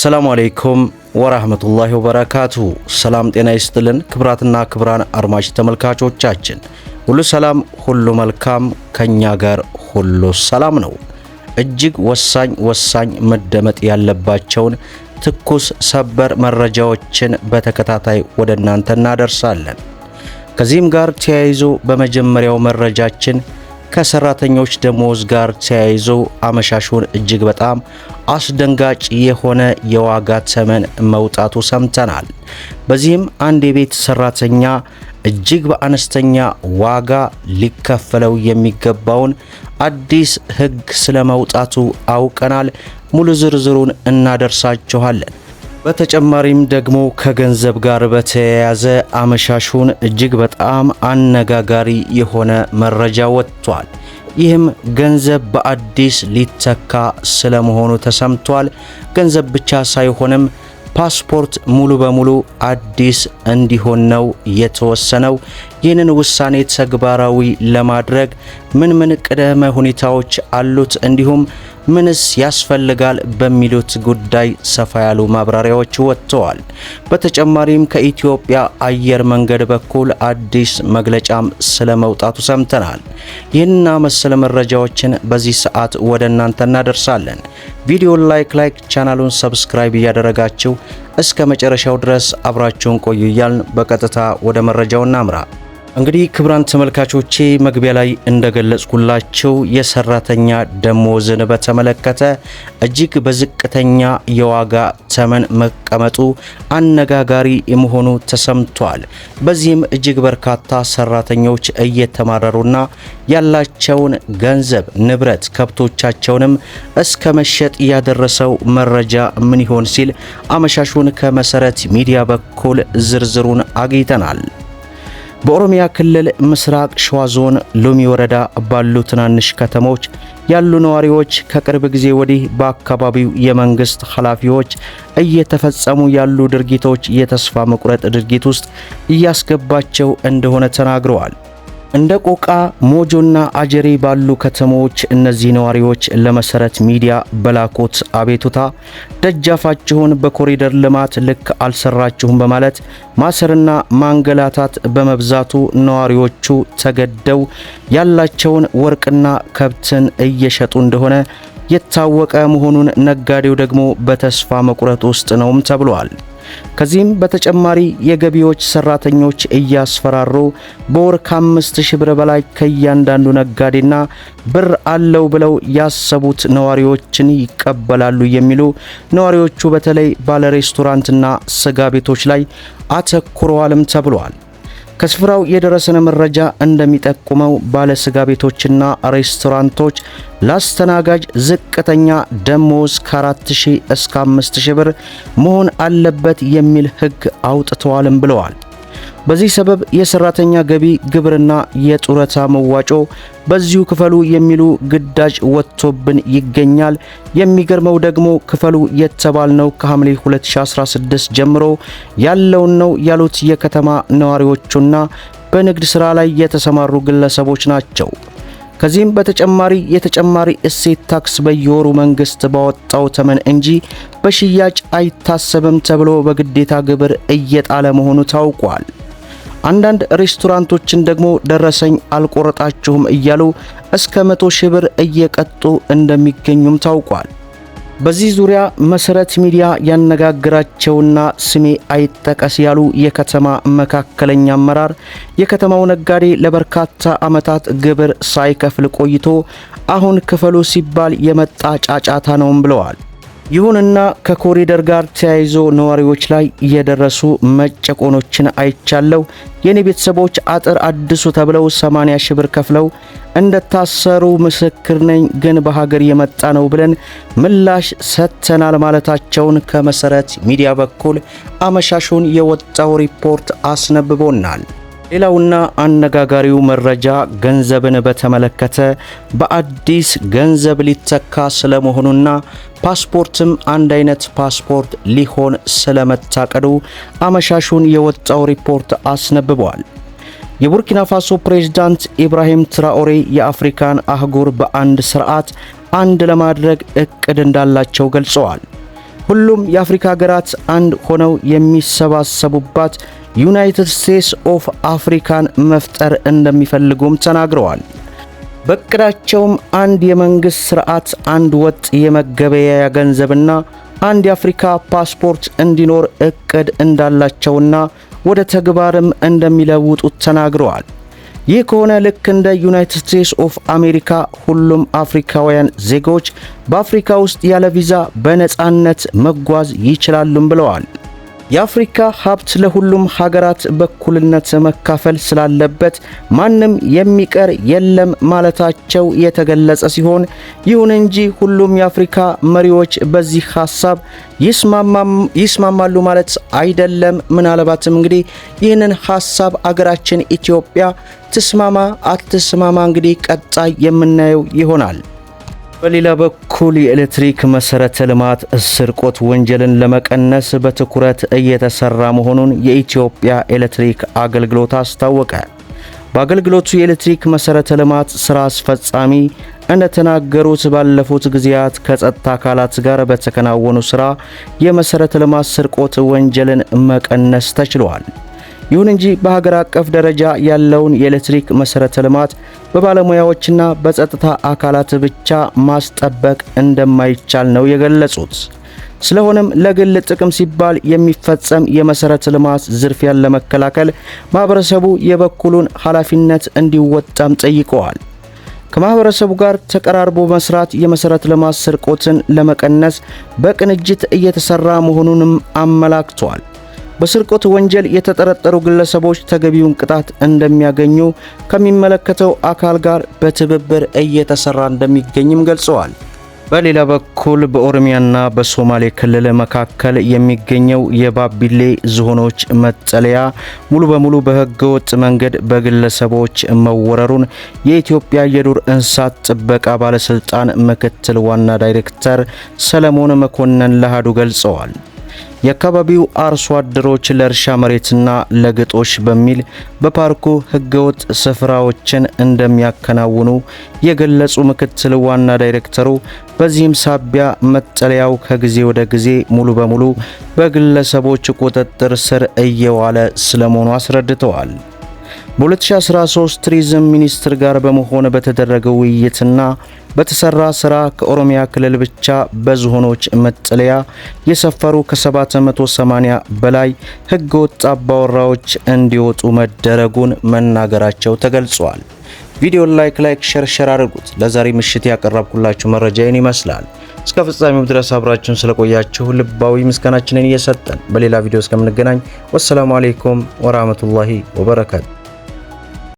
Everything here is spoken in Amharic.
ሰላሙ አሌይኩም ወራህመቱላሂ ወበረካቱ ሰላም ጤና ይስጥልን ክብራትና ክብራን አድማጭ ተመልካቾቻችን ሁሉ ሰላም ሁሉ መልካም፣ ከኛ ጋር ሁሉ ሰላም ነው። እጅግ ወሳኝ ወሳኝ መደመጥ ያለባቸውን ትኩስ ሰበር መረጃዎችን በተከታታይ ወደ እናንተ እናደርሳለን። ከዚህም ጋር ተያይዞ በመጀመሪያው መረጃችን ከሰራተኞች ደሞዝ ጋር ተያይዞ አመሻሹን እጅግ በጣም አስደንጋጭ የሆነ የዋጋ ተመን መውጣቱ ሰምተናል። በዚህም አንድ የቤት ሰራተኛ እጅግ በአነስተኛ ዋጋ ሊከፈለው የሚገባውን አዲስ ሕግ ስለመውጣቱ አውቀናል። ሙሉ ዝርዝሩን እናደርሳችኋለን። በተጨማሪም ደግሞ ከገንዘብ ጋር በተያያዘ አመሻሹን እጅግ በጣም አነጋጋሪ የሆነ መረጃ ወጥቷል። ይህም ገንዘብ በአዲስ ሊተካ ስለመሆኑ ተሰምቷል። ገንዘብ ብቻ ሳይሆንም ፓስፖርት ሙሉ በሙሉ አዲስ እንዲሆን ነው የተወሰነው። ይህንን ውሳኔ ተግባራዊ ለማድረግ ምን ምን ቅድመ ሁኔታዎች አሉት? እንዲሁም ምንስ ያስፈልጋል በሚሉት ጉዳይ ሰፋ ያሉ ማብራሪያዎች ወጥተዋል። በተጨማሪም ከኢትዮጵያ አየር መንገድ በኩል አዲስ መግለጫም ስለ መውጣቱ ሰምተናል። ይህንና መሰል መረጃዎችን በዚህ ሰዓት ወደ እናንተ እናደርሳለን። ቪዲዮ ላይክ ላይክ ቻናሉን ሰብስክራይብ እያደረጋችሁ እስከ መጨረሻው ድረስ አብራችሁን ቆዩ እያልን በቀጥታ ወደ መረጃው እናምራ። እንግዲህ ክቡራን ተመልካቾቼ መግቢያ ላይ እንደገለጽኩላቸው የሰራተኛ ደሞዝን በተመለከተ እጅግ በዝቅተኛ የዋጋ ተመን መቀመጡ አነጋጋሪ መሆኑ ተሰምቷል። በዚህም እጅግ በርካታ ሰራተኞች እየተማረሩና ያላቸውን ገንዘብ፣ ንብረት፣ ከብቶቻቸውንም እስከ መሸጥ ያደረሰው መረጃ ምን ይሆን ሲል አመሻሹን ከመሰረት ሚዲያ በኩል ዝርዝሩን አግኝተናል። በኦሮሚያ ክልል ምስራቅ ሸዋ ዞን ሎሚ ወረዳ ባሉ ትናንሽ ከተሞች ያሉ ነዋሪዎች ከቅርብ ጊዜ ወዲህ በአካባቢው የመንግስት ኃላፊዎች እየተፈጸሙ ያሉ ድርጊቶች የተስፋ መቁረጥ ድርጊት ውስጥ እያስገባቸው እንደሆነ ተናግረዋል። እንደ ቆቃ ሞጆና አጀሬ ባሉ ከተሞች እነዚህ ነዋሪዎች ለመሰረት ሚዲያ በላኮት አቤቱታ ደጃፋችሁን በኮሪደር ልማት ልክ አልሰራችሁም በማለት ማሰርና ማንገላታት በመብዛቱ ነዋሪዎቹ ተገደው ያላቸውን ወርቅና ከብትን እየሸጡ እንደሆነ የታወቀ መሆኑን ነጋዴው ደግሞ በተስፋ መቁረጥ ውስጥ ነውም ተብሏል። ከዚህም በተጨማሪ የገቢዎች ሰራተኞች እያስፈራሩ በወር ከአምስት ሺህ ብር በላይ ከእያንዳንዱ ነጋዴና ብር አለው ብለው ያሰቡት ነዋሪዎችን ይቀበላሉ የሚሉ ነዋሪዎቹ በተለይ ባለ ሬስቶራንትና ስጋ ቤቶች ላይ አተኩረዋልም ተብሏል። ከስፍራው የደረሰን መረጃ እንደሚጠቁመው ባለስጋ ቤቶችና ሬስቶራንቶች ለአስተናጋጅ ዝቅተኛ ደሞዝ ከ4000 እስከ 5000 ብር መሆን አለበት የሚል ሕግ አውጥተዋልም ብለዋል። በዚህ ሰበብ የሰራተኛ ገቢ ግብርና የጡረታ መዋጮ በዚሁ ክፈሉ የሚሉ ግዳጅ ወጥቶብን ይገኛል። የሚገርመው ደግሞ ክፈሉ የተባልነው ከሐምሌ 2016 ጀምሮ ያለውን ነው ያሉት የከተማ ነዋሪዎቹና በንግድ ሥራ ላይ የተሰማሩ ግለሰቦች ናቸው። ከዚህም በተጨማሪ የተጨማሪ እሴት ታክስ በየወሩ መንግስት ባወጣው ተመን እንጂ በሽያጭ አይታሰብም ተብሎ በግዴታ ግብር እየጣለ መሆኑ ታውቋል። አንዳንድ ሬስቶራንቶችን ደግሞ ደረሰኝ አልቆረጣችሁም እያሉ እስከ መቶ ሺህ ብር እየቀጡ እንደሚገኙም ታውቋል። በዚህ ዙሪያ መሰረት ሚዲያ ያነጋግራቸውና ስሜ አይጠቀስ ያሉ የከተማ መካከለኛ አመራር የከተማው ነጋዴ ለበርካታ ዓመታት ግብር ሳይከፍል ቆይቶ አሁን ክፈሉ ሲባል የመጣ ጫጫታ ነውም ብለዋል። ይሁንና ከኮሪደር ጋር ተያይዞ ነዋሪዎች ላይ እየደረሱ መጨቆኖችን አይቻለው። የኔ ቤተሰቦች አጥር አድሱ ተብለው 80 ሺህ ብር ከፍለው እንደታሰሩ ምስክር ነኝ። ግን በሀገር የመጣ ነው ብለን ምላሽ ሰጥተናል ማለታቸውን ከመሰረት ሚዲያ በኩል አመሻሹን የወጣው ሪፖርት አስነብቦናል። ሌላውና አነጋጋሪው መረጃ ገንዘብን በተመለከተ በአዲስ ገንዘብ ሊተካ ስለመሆኑና ፓስፖርትም አንድ አይነት ፓስፖርት ሊሆን ስለመታቀዱ አመሻሹን የወጣው ሪፖርት አስነብበዋል። የቡርኪና ፋሶ ፕሬዝዳንት ኢብራሂም ትራኦሬ የአፍሪካን አህጉር በአንድ ስርዓት አንድ ለማድረግ እቅድ እንዳላቸው ገልጸዋል። ሁሉም የአፍሪካ ሀገራት አንድ ሆነው የሚሰባሰቡባት ዩናይትድ ስቴትስ ኦፍ አፍሪካን መፍጠር እንደሚፈልጉም ተናግረዋል። በእቅዳቸውም አንድ የመንግሥት ሥርዓት፣ አንድ ወጥ የመገበያያ ገንዘብና አንድ የአፍሪካ ፓስፖርት እንዲኖር እቅድ እንዳላቸውና ወደ ተግባርም እንደሚለውጡት ተናግረዋል። ይህ ከሆነ ልክ እንደ ዩናይትድ ስቴትስ ኦፍ አሜሪካ ሁሉም አፍሪካውያን ዜጎች በአፍሪካ ውስጥ ያለ ቪዛ በነፃነት መጓዝ ይችላሉም ብለዋል። የአፍሪካ ሀብት ለሁሉም ሀገራት በኩልነት መካፈል ስላለበት ማንም የሚቀር የለም ማለታቸው የተገለጸ ሲሆን ይሁን እንጂ ሁሉም የአፍሪካ መሪዎች በዚህ ሀሳብ ይስማማሉ ማለት አይደለም። ምናልባትም እንግዲህ ይህንን ሀሳብ አገራችን ኢትዮጵያ ትስማማ አትስማማ እንግዲህ ቀጣይ የምናየው ይሆናል። በሌላ በኩል የኤሌክትሪክ መሰረተ ልማት ስርቆት ወንጀልን ለመቀነስ በትኩረት እየተሰራ መሆኑን የኢትዮጵያ ኤሌክትሪክ አገልግሎት አስታወቀ። በአገልግሎቱ የኤሌክትሪክ መሰረተ ልማት ሥራ አስፈጻሚ እንደተናገሩት ባለፉት ጊዜያት ከጸጥታ አካላት ጋር በተከናወኑ ሥራ የመሰረተ ልማት ስርቆት ወንጀልን መቀነስ ተችሏል። ይሁን እንጂ በሀገር አቀፍ ደረጃ ያለውን የኤሌክትሪክ መሰረተ ልማት በባለሙያዎችና በጸጥታ አካላት ብቻ ማስጠበቅ እንደማይቻል ነው የገለጹት። ስለሆነም ለግል ጥቅም ሲባል የሚፈጸም የመሠረተ ልማት ዝርፊያን ለመከላከል ማህበረሰቡ የበኩሉን ኃላፊነት እንዲወጣም ጠይቀዋል። ከማህበረሰቡ ጋር ተቀራርቦ መስራት የመሰረተ ልማት ስርቆትን ለመቀነስ በቅንጅት እየተሰራ መሆኑንም አመላክቷል። በስርቆት ወንጀል የተጠረጠሩ ግለሰቦች ተገቢውን ቅጣት እንደሚያገኙ ከሚመለከተው አካል ጋር በትብብር እየተሰራ እንደሚገኝም ገልጸዋል። በሌላ በኩል በኦሮሚያና በሶማሌ ክልል መካከል የሚገኘው የባቢሌ ዝሆኖች መጠለያ ሙሉ በሙሉ በህገወጥ መንገድ በግለሰቦች መወረሩን የኢትዮጵያ የዱር እንስሳት ጥበቃ ባለስልጣን ምክትል ዋና ዳይሬክተር ሰለሞን መኮንን ለሃዱ ገልጸዋል። የአካባቢው አርሶ አደሮች ለእርሻ መሬትና ለግጦሽ በሚል በፓርኩ ህገወጥ ስፍራዎችን እንደሚያከናውኑ የገለጹ ምክትል ዋና ዳይሬክተሩ፣ በዚህም ሳቢያ መጠለያው ከጊዜ ወደ ጊዜ ሙሉ በሙሉ በግለሰቦች ቁጥጥር ስር እየዋለ ስለመሆኑ አስረድተዋል። በ2013 ቱሪዝም ሚኒስትር ጋር በመሆን በተደረገ ውይይትና በተሰራ ስራ ከኦሮሚያ ክልል ብቻ በዝሆኖች መጠለያ የሰፈሩ ከ780 በላይ ህገወጥ አባወራዎች እንዲወጡ መደረጉን መናገራቸው ተገልጿል። ቪዲዮን ላይክ ላይክ ሸር ሸር አድርጉት። ለዛሬ ምሽት ያቀረብኩላችሁ መረጃ ይህን ይመስላል። እስከ ፍጻሜው ድረስ አብራችሁን ስለቆያችሁ ልባዊ ምስጋናችንን እየሰጠን በሌላ ቪዲዮ እስከምንገናኝ ወሰላሙ አሌይኩም ወራህመቱላሂ ወበረካቱ